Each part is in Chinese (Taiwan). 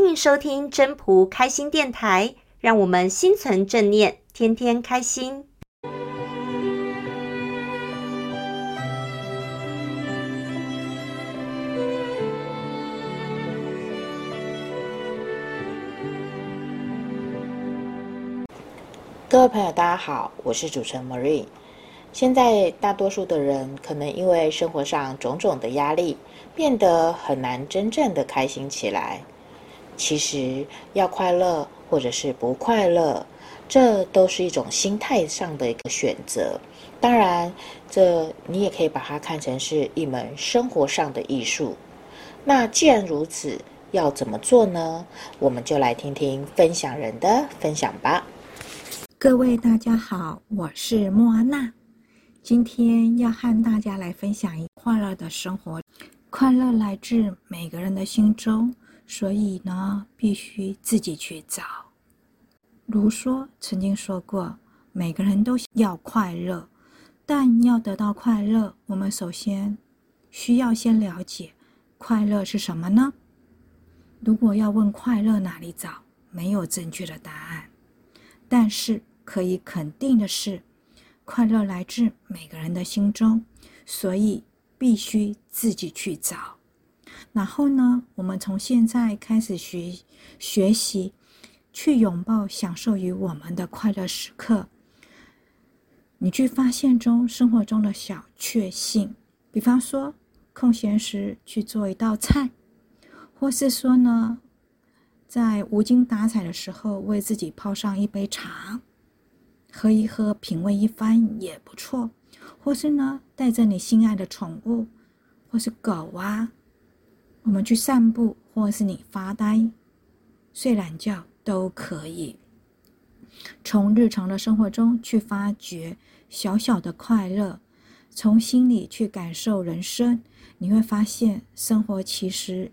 歡迎收聽真樸開心電台，讓我們心存正念，天天開心。各位朋友，大家好，我是主持人 Marie。現在，大多數的人可能因為生活上種種的壓力，變得很難真正的開心起來。其實要快樂，或者是不快樂，這都是一種心態上的一個選擇。當然，這你也可以把它看成是一門生活上的藝術。那既然如此，要怎麼做呢？我們就來聽聽分享人的分享吧。各位大家好，我是莫安娜，今天要和大家來分享一快樂的生活。快樂來自每個人的心中。所以呢，必須自己去找。盧梭曾經說過：“每個人都要快樂，但要得到快樂，我們首先需要先了解快樂是什麼呢？”如果要問快樂哪裡找，沒有正確的答案。但是可以肯定的是，快樂來自每個人的心中，所以必須自己去找。然後呢，我們從現在開始學學習，去擁抱、享受於我們的快樂時刻。你去發現中生活中的小確幸，比方說空閒時去做一道菜，或是說呢，在無精打采的時候為自己泡上一杯茶，喝一喝、品味一番也不錯。或是呢，帶着你心愛的寵物，或是狗啊。我們去散步，或是你發呆、睡懶覺都可以。從日常的生活中去發掘小小的快樂，從心裡去感受人生，你會發現，生活其實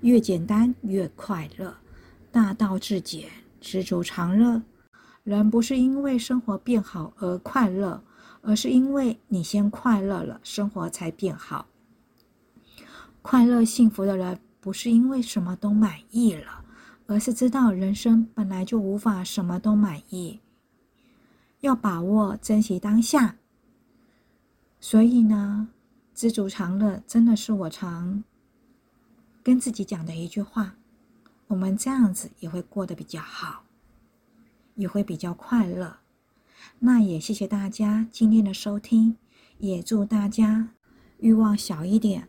越簡單越快樂。大道至簡，知足常樂。人不是因為生活變好而快樂，而是因為你先快樂了，生活才變好。快樂幸福的人不是因為什麼都滿意了，而是知道人生本來就無法什麼都滿意，要把握珍惜當下。所以呢，知足常樂真的是我常跟自己講的一句話。我們這樣子也會過得比較好，也會比較快樂。那也謝謝大家今天的收聽，也祝大家欲望小一點。